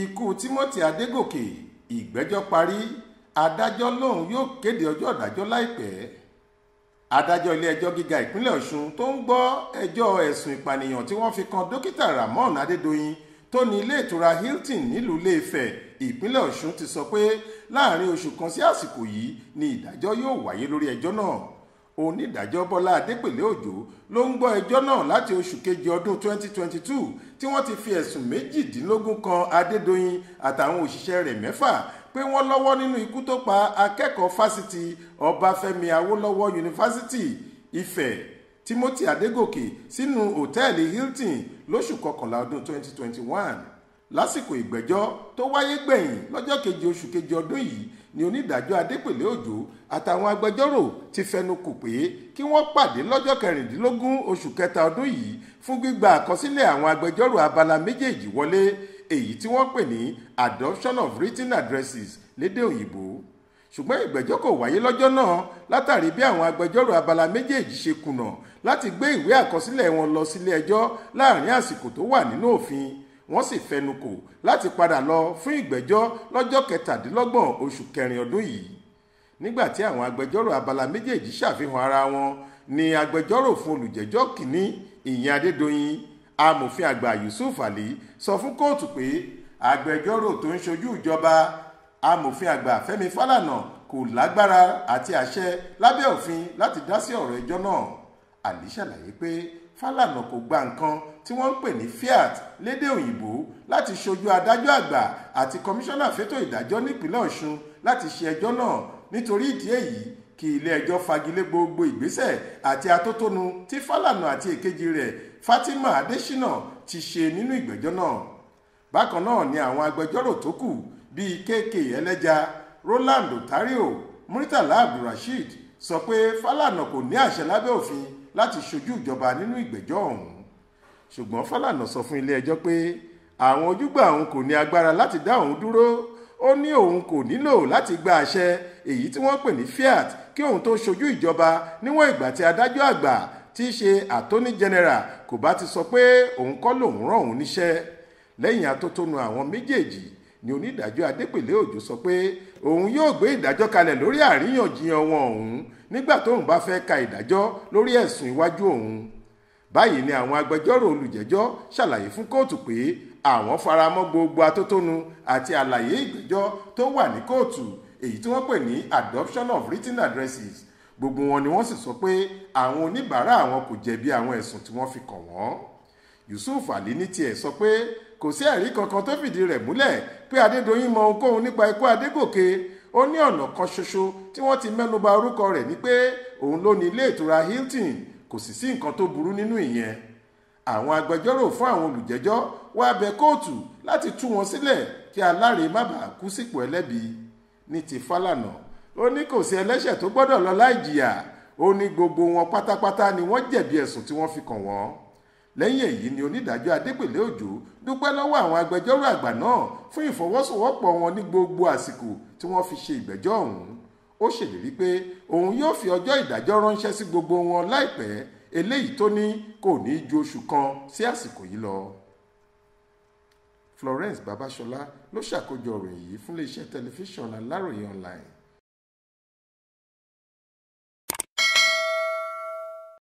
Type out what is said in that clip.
ikú timothy adégòkè ìgbẹ́jọ́ parí adájọ́ lòun yóò kéde ọjọ́ ìdájọ́ láìpẹ́ adájọ́ ilé-ẹjọ́ gíga ìpínlẹ̀ ọ̀ṣun tó ń gbọ́ ẹjọ́ ẹ̀sùn ìpànìyàn tí wọ́n fi kan dókítà ramon adédọ̀yìn tó ní ilé ìtura hilton nílùú iléefẹ̀ ìpínlẹ̀ ọ̀ṣun ti sọ pé láàrin oṣù kan sí àsìkò yìí ni ìdájọ́ yóò wáyé lórí ẹjọ́ náà onídàájọ́ bọ́lá adépèlé òjò ló ń gbọ́ ẹjọ́ náà láti oṣù kejì ọdún 2022 tí wọ́n ti fi ẹ̀sùn méjìdínlógún kan adédọ́yìn àtàwọn òṣìṣẹ́ rẹ̀ mẹ́fà pé wọ́n lọ́wọ́ nínú ikú tó pa akẹ́kọ̀ọ́ fásitì ọbáfẹ́mi awólọ́wọ̀ yunifásitì ife timothy adegoke sínú hòtẹ́ẹ̀lì hilton lóṣù kọkànlá ọdún 2021 lásìkò ìgbẹ́jọ́ tó wáyé gbẹ̀yìn lọ́jọ́ keje oṣù keje ọdún yìí ni onídàájọ́ adépèlé òjò àtàwọn agbẹjọ́rò ti fẹnu kò pé kí wọ́n pàdé lọ́jọ́ kẹrìndínlógún oṣù kẹta ọdún yìí fún gbígba àkọsílẹ̀ àwọn agbẹjọ́rò abala méjèèjì wọlé èyí tí wọ́n pè ní adoption of written addresses lédè òyìnbó ṣùgbọ́n ìgbẹ́jọ́ kò wáyé lọ́jọ́ náà látàrí bí àwọn agbẹjọ́rò abala méjèèjì ṣe kùnà láti gbé ìwé àkọsílẹ̀ wọn lọ sílé ẹjọ́ láàrin àsìkò tó wà nínú òfin wọ́n sì fẹnu kò láti padà lọ fún ìgbẹ́jọ́ lọ́jọ́ kẹtàdínlọ́gbọ̀n oṣù kẹrin ọdún yìí nígbà tí àwọn agbẹjọ́rò abala méjèèjì ṣàfihàn ara wọn ni agbẹjọ́rò fún olùjẹ́jọ́ kìíní ìyẹn adédọ́yìn amòfin àgbà yusuf ali sọ fún kóòtù pé agbẹjọ́rò tó ń ṣojú ìjọba amòfin àgbà fẹ́mi fálànà kò lágbára àti àṣẹ lábẹ́ òfin láti dá sí ọ̀rọ̀ ẹjọ́ náà ali ṣàlàyé pé fálànà kò gba nǹkan tí wọ́n ń pè ní fiat lédè òyìnbó láti ṣojú adájọ́ àgbà àti kọmíṣánná fétò ìdájọ́ nípínlẹ̀ ọ̀ṣun láti ṣe ẹjọ́ náà nítorí ìdí èyí kí ilé-ẹjọ́ fagilé gbogbo ìgbésẹ̀ àti atótónu tí fálànà àti èkejì rẹ̀ fatima adésínà ti ṣe nínú ìgbẹ́jọ́ náà bákan náà ni àwọn agbẹjọ́rò tó kù bíi kk ẹlẹ́ja roland otario muritala abdulrasheed sọ pé fálànà kò ní àṣẹ lábẹ́ òfin láti ṣojú ìjọba nínú ìgbẹ́jọ́ ọ̀hún ṣùgbọ́n Fálànà sọ fún ilé-ẹjọ́ pé àwọn ojúgbà òun kò ní agbára láti dá òun dúró ó ní òun kò nílò láti gba àṣẹ èyí tí wọ́n pè ní fiat kí òun tó ṣojú ìjọba níwọ̀n ìgbà tí adájọ́ àgbà tí í ṣe attorney general kò bá ti sọ pé òun kọ́ lòun rán òun níṣẹ́ lẹ́yìn atótónu àwọn méjèèjì ni onídàájọ́ adépèlé òjò sọ pé òun yóò gbé ìdájọ́ kalẹ̀ lórí àríyànjiyàn wọn òun nígbà tóun bá fẹ́ ka ìdájọ́ lórí ẹ̀sùn iwájú òun báyìí ni àwọn agbẹjọ́rò olùjẹ́jọ́ ṣàlàyé fún kóòtù pé àwọn faramọ́ gbogbo atótónu àti àlàyé ìgbẹ́jọ́ tó wà ní kóòtù èyí tí wọ́n pè ní adoption of written addresses gbogbo wọn ni wọ́n sì sọ pé àwọn oníbàárà àwọn kò jẹ̀bi àwọn ẹ̀sùn tí wọ́n fi kàn wọ́n. Yusuf Ali ní tiẹ̀ sọ pé kò sí ẹ̀rí kankan tó fìdí rẹ̀ múlẹ̀ pé Adédoyin mọ ohunkóhun nípa ikú Adégòkè ó ní ọ̀nà kan ṣoṣo tí wọ́n ti mẹ́nubà orúkọ rẹ̀ ni pé òun ló ní ilé ìtura Hilton kò sì sí nǹkan tó burú nínú ìyẹn àwọn agbẹjọ́rò fún àwọn olùjẹ́jọ́ wá bẹ kóòtù láti tú wọn sílẹ̀ kí aláre má bàa kú sípò ẹlẹ́bi ní ti Fálànà ó ní kò sí ẹlẹ́ṣẹ̀ tó gbọ́dọ̀ lọ láì jìyà ó ní gbogbo wọn pátápátá ni wọ́n jẹ̀bi ẹ̀sùn tí wọ́n fi kàn wọ́n lẹ́yìn èyí ni onídàájọ́ adégbèlé òjò dúpẹ́ lọ́wọ́ àwọn agbẹjọ́rò àgbà náà fún ìfọwọ́sowọ́pọ̀ wọn ní gbogbo àsìkò tí wọ́n fi ṣe ìgbẹ́jọ́ ọ̀hún ó ṣèlérí pé òun yóò fi ọjọ́ ìdájọ́ ránṣẹ́ sí gbogbo wọn láìpẹ́ eléyìí tó ní kò ní í ju oṣù kan sí àsìkò yìí lọ. Florence Babasola ló ṣàkójọ ọ̀rọ̀ yìí fún iléeṣẹ́ tẹlifíṣàn Aláròye online